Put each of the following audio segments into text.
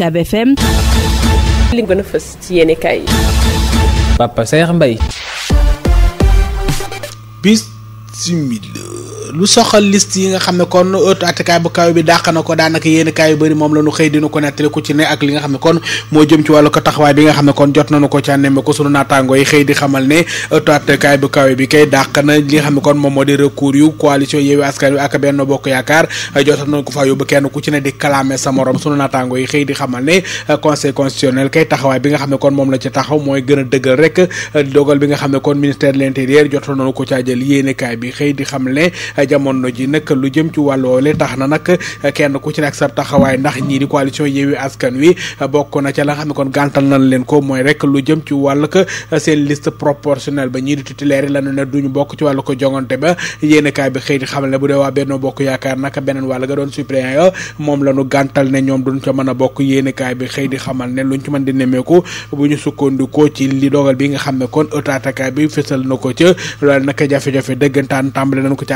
UCAB FM. li gën a ci yéen kay. Papa Saer Mbaye. bis simila. lu soxal list yi nga xam ne kon ëttu attekaay bu kaw bi dàq na ko daanaka yéen kaay yu bëri moom la ñu xëy dinu ko nettali ku ci ne ak li nga xam ne kon moo jëm ci wàllu ko taxawaay nga xam ne kon jot nañu ko ca nemme ko sunu naataangoo yi xëy di xamal ne ëttu attekaay bu kaw na li nga xam ne kon moom moo di recours yu coalition Yewwi Askan Bokk Yaakaar jot nañu ko faa yóbbu kenn ku ci ne di clamé sa sunu naataangoo yi xëy di xamal ne conseil constitutionnel kay taxawaay bi nga xam ne kon moom la ci taxaw mooy gën a dëggal rek dogal bi nga xam ne kon ministère de l'intérieur jot nañu ko caa jël yéene bi xëy di xam ne Eh, jamono ji nag lu jëm ci wàll woole tax na nag eh, kenn ku ci nekk sa taxawaay ndax ñii di coalition Yewwi Askan Wi eh, bokk na ca la nga xam kon gàntal nañ leen ko mooy rek lu jëm ci wàll ko seen liste proportionnelle ba ñii di titulaire yi lañu ne duñu bokk ci wàllu ko jongante ba yéeni kaay bi xëy di xamal ne bu dee waa Benno Bokk Yaakaar naka beneen wàll ga doon suppléant yo moom la ñu gàntal ne ñoom duñ ca mën a bokk yéeni kaay bi xëy di xamal ne luñ ci mën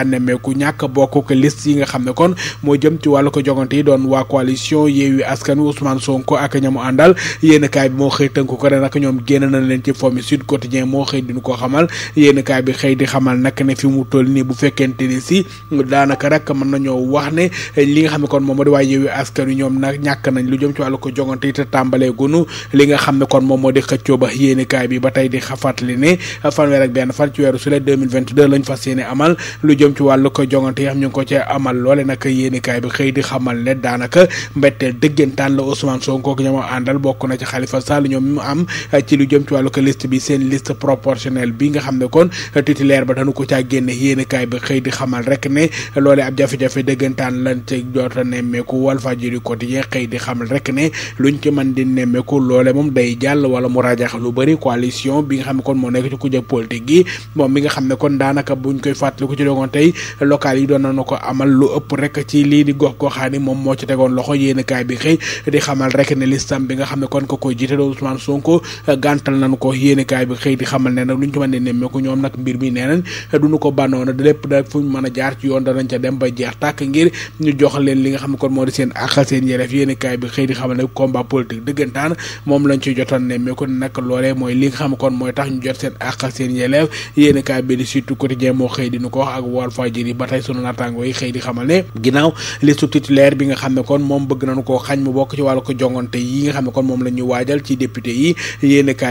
di nemmeeku ñàkk bokk ko liste yi nga xam ne kon moo jëm ci wàllu ko jogante yi doon waa coalition Yewwi Askan Wi Ousmane Sonko ak ñamu àndal yéen kaay bi moo xëy tënku ko ne ñoom génn nañ leen ci forme Sud Quotidien moo xëy diñu ko xamal yéen bi xëy di xamal nag ne fi mu toll nii bu fekkente ni si daanaka rek mën nañoo wax ne li nga xam ne kon moom moo di waa ba yéen kaay bi ba tey di xafaatli ne fanweer ak benn fan ci weeru sulet 2022 lañ fas yéene wàllu ko jongante yi xam ñu ko cee amal loole nag yéenikaay bi xëy di xamal ne daanaka mbetteel dëggantaan la Ousmane Sonko ñoo ma àndal bokk na ci Khalifa Sall ñoom mu am ci lu jëm ci wàllu ko liste bi seen list proportionnelle bi nga xam ne kon titulaire ba dañu ko caa génne yéenikaay bi xëy di xamal rek ne loole ab jafe dëggantaan lan ci joota nemmeeku Walfadjri quotidien xëy di xamal rek ne luñ ci mën di nemmeeku loole moom day jàll wala mu rajax lu bëri coalition bi nga xam ne kon moo nekk ci kujje politique gi moom mi nga xam ne kon daanaka buñ koy fàttaliku ci dogoon tey locales yi doon nañu ko amal lu ëpp rek ci lii di gox goxaan yi moom moo ci tegoon loxo yéenekaay bi xëy di xamal rek ne listam bi nga xam ne kon ko koy jiite doon Ousmane Sonko euh, na nañu ko yéenekaay bi xëy di xamal ne nag lu ñu ci mën ne nemmeeku ñoom nag mbir mi nee nañ duñu ko banoona lépp da a jaar ci yoon danañ ca dem ba jeex tàkk ngir ñu jox leen li nga xam ne kon moo di seen àqal seen yelef yéenekaay bi xëy di xamal ne combat politique dëggantaan moom lañ ci jotoon nemmeeku nag loole mooy li nga xam ne kon mooy tax ñu jot seen àqal seen yelef yéenekaay bi di surtout quotidien moo xëy di ñu ko wax ak Walfadjri lii di ba tey sunu naataangoo yi xëy di xamal ne ginnaaw liste titulaire bi nga xam ne kon moom bëgg nañu koo xañ mu bokk ci wàllu ko jongante yi nga xam ne kon moom la ñu waajal ci député yi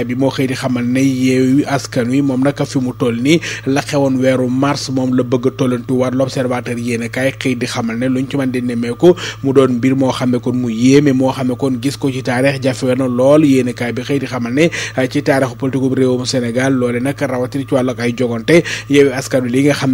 bi moo xëy di xamal ne yeewu askan wi moom nag fi mu toll nii la xewoon weeru mars moom la bëgg a tollantuwaat l'observateur yéenekaay xëy di xamal ne luñ ci mën di nemmeeku mu doon mbir moo xam ne kon mu yéeme moo xam ne kon gis ko ci taarix jafe na lool yéenekaay bi xëy di xamal ne ci taarixu politique bu réewum Sénégal loole nag rawatina ci wàllu ay jongante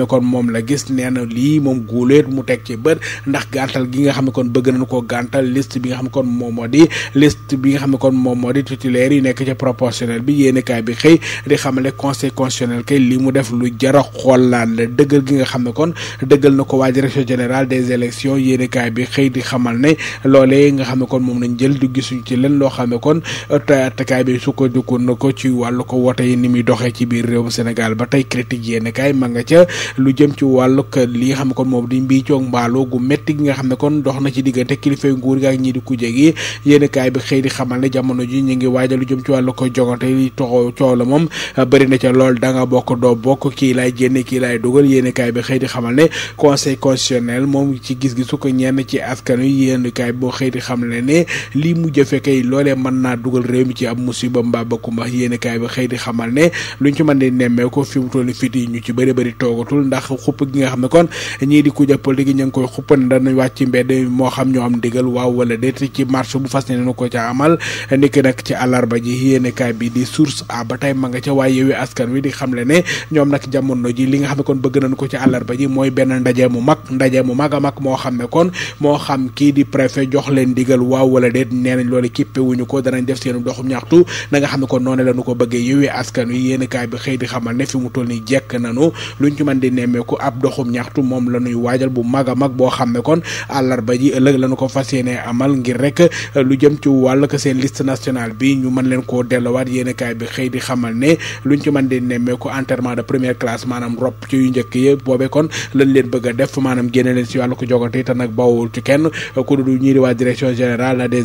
kon moom la gis Thiès nee na lii moom guuleet mu teg ci bët ndax gàntal gi nga xam ne kon bëgg na koo gàntal liste bi nga xam ne kon moom moo di liste bi nga xam ne kon moom moo di titulaire yi nekk ci proportionnel bi yéenekaay bi xëy di xamale conseil constitutionnel kay li mu def lu jara xoolaan la dëggal gi nga xam ne kon dëggal na ko waa direction générale des élections yéenekaay bi xëy di xamal ne loolee nga xam ne kon moom nañ jël du gisuñu ci leen loo xam ne kon taatakaay bi sukkandiku na ko ci wàllu ko wote yi ni muy doxee ci biir réewum Sénégal ba tey critique yéenekaay ma nga ca lu jëm ci wàll wàllug li nga xam ne kon moom di mbii coog mbaaloo gu métti gi nga xam ne kon dox na ci diggante kilifay nguur gi ak ñii di ku jegi yéen kaay bi xëy di xamal ne jamono ji ñu ngi waajal lu jëm ci wàllu ko jogante li toxo coow la moom bëri na ca lool da bokk doo bokk kii laay génne kii laay dugal yéen bi xëy di xamal ne conseil constitutionnel moom ci gis-gisu ko ñenn ci askan wi yéen kaay boo xëy di xam ne ne lii mu jëfe kay loolee mën naa dugal réew mi ci ab musiba mbaa bakkumba yéen kaay bi xëy di xamal ne luñ ci mën di nemmee ko fi mu toll fiti ñu ci bëri bari toogatul ndax xupp gi nga xam ne kon ñii di ku jàpp léegi ñu ngi koy xuppan danañ wàcc ci mbedd moo xam ñoo am ndigal waaw wala déet ci marche bu fas ne nu ko ca amal niki nag ci àllarba ji yéenekaay di a ba tey ma ne ñoom nag jamono ji li nga xam kon bëgg nañ ko ci àllarba ji mooy benn ndaje mu mag ndaje mu mag a mag moo xam kon moo xam kii di préfet jox leen ndigal waaw wala déet nee loolu kippe ko danañ def seen doxum ñaxtu na nga xam ne kon noonu la ko bëggee yewi askan wi yéenekaay bi xëy di xamal ne fi mu doxum ñaxtu moom la ñuy waajal bu mag a mag boo xam ne kon àllarba ji ëllëg lañu ko fas yéene amal ngir rek lu jëm ci wàll ko seen liste bi ñu mën leen koo delluwaat yéenekaay bi xëy di ne luñ ci mën de première classe maanaam rob ci yu njëkk yi boobee kon def maanaam génne leen si wàllu ko jogante te nag bawul ci kenn ku dul ñii di waa direction générale des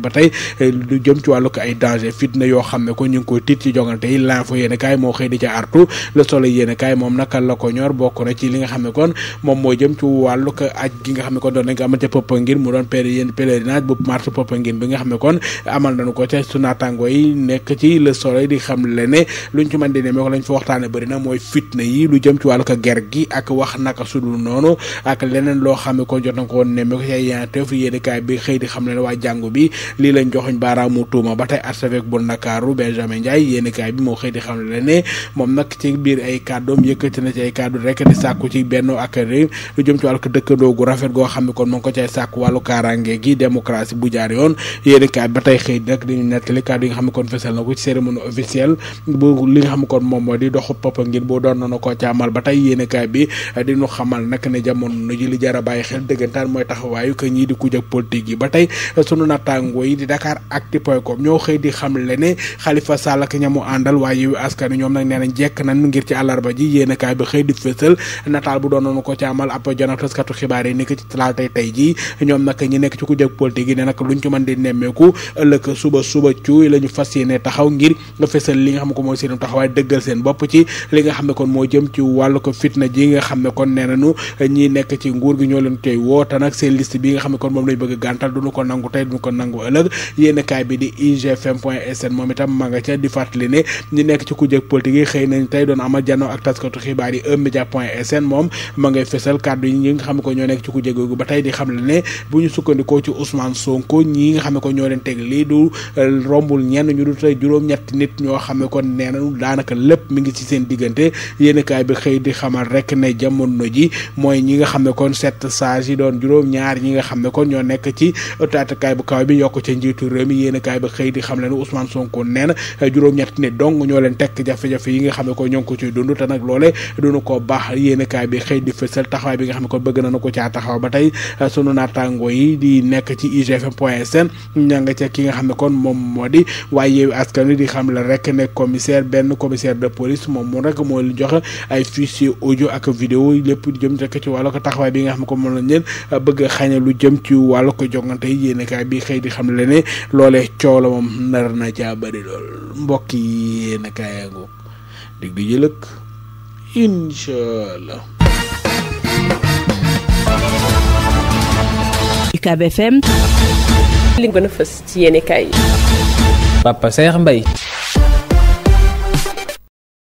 ba tey lu jëm ci wàllu ko ay danger fitna yoo xam ne ko ñu ngi koy tiit ci jogante yi l'info yéenekaay moo xëy di ca artu solo yéen kaay moom naka la ko ñor bokk na ci li nga xam ne kon moom moo jëm ci wàllu ko aj gi nga xam kon doon nañ ko amal ca mu doon péri yéen pèlerinage bu marche bi nga xam kon amal nañu ko ca su yi nekk ci le soleil di xam le ne luñ ci mën di ne ko lañ fa waxtaane bëri mooy fitna yi lu jëm ci wàllu ko ger gi ak wax naka sudul noonu ak leneen loo xam ne kon jot na ko woon nemme ko ci ay yanteef yéen kaay bi xëy di xam le ba tey archevêque bu Ndakaaru Benjamin Ndiaye yéen biir ay kàddoom yëkkati na ci ay kàddu rek di sàkku ci Benno ak Rewmi lu jëm ci wàllu dëkkandoo gu rafet goo xam ne kon mu ngi ko cay sàkku wàllu kaaraange gi démocratie bu jaar yoon yéen kaay ba tey xëy nag dañu nettali kàddu yi nga xam ne kon fesal na ko ci cérémonie officielle bu li nga xam ne kon moom moo di doxu papa ngir boo doon noonu koo caamal ba tey yéen kaay bi dinu xamal nag ne jamono ji li jar a bàyyi xel dëggantaan mooy taxawaayu que ñii di kujak politique yi ba tey sunu nattaangoo yi di Dakaractu point com ñoo xëy di xam le ne Khalifa Sall ak ñamu àndal waaye askan ñoom nag nee nañ jekk nañ ngir ci àllarba ji yéenekaay bi xëy di fësal nataal bu doonoon ko ci amal ab jonal taskatu ci talaatay tey yi ne ci mën di la ñu fas yéene taxaw ngir li nga xam ko mooy seen taxawaay dëggal seen moo jëm ci ji nga xam ne kon nee nañu ñi nekk ci nguur gi ñoo leen tey woota nag nga xam kon moom lañ bëgg gàntal duñu ko nangu tey bi di igfm point sn moom itam ma nga ca di ku jëg politique yi xëy nañ tey doon amal doon janoo ak taskatu xibaar yi eMedia point sn moom ma ngay fësal kàddu yi ñi nga xam ko ñoo nekk ci ku jégoogu ba tey di xam le ne bu ñu sukkandikoo ci Ousmane juróom ñaar ñi nga xam ne ñoo nekk ci taatakaay bu kaw bi yokk ca njiitu réew mi yéen kaay bi xëy di xam le ne Ousmane Sonko nee euh, juróom-ñetti nit dong ñoo leen tekk jafe-jafe yi nga xam ko ñoo ci ñuy dund te nag loole duñu ko baax yéenekaay bi xëy di fësal taxawaay bi nga xam ne kon bëgg na na ko caa taxaw ba tey euh, sunu naataango yi di nekk ci igfm point sn ña nga ca ki nga xam ne kon moom moo di waaye askan wi di xam la rek ne commissaire benn commissaire de police moom moom rek moo leen joxe ay fichier audio ak vidéo lépp di jëm rek ci wàllu ko taxawaay bi nga xam ne kon moom lañ leen euh, bëgg a lu jëm ci wàllu ko jongante yi yéenekaay bi xëy di xam la ne loolee coow la moom nar na caa bëri lool mbokk yi yéenekaay dig di jëlëk incha li gën a fës ci yéen kay. Papa Saer Mbaye.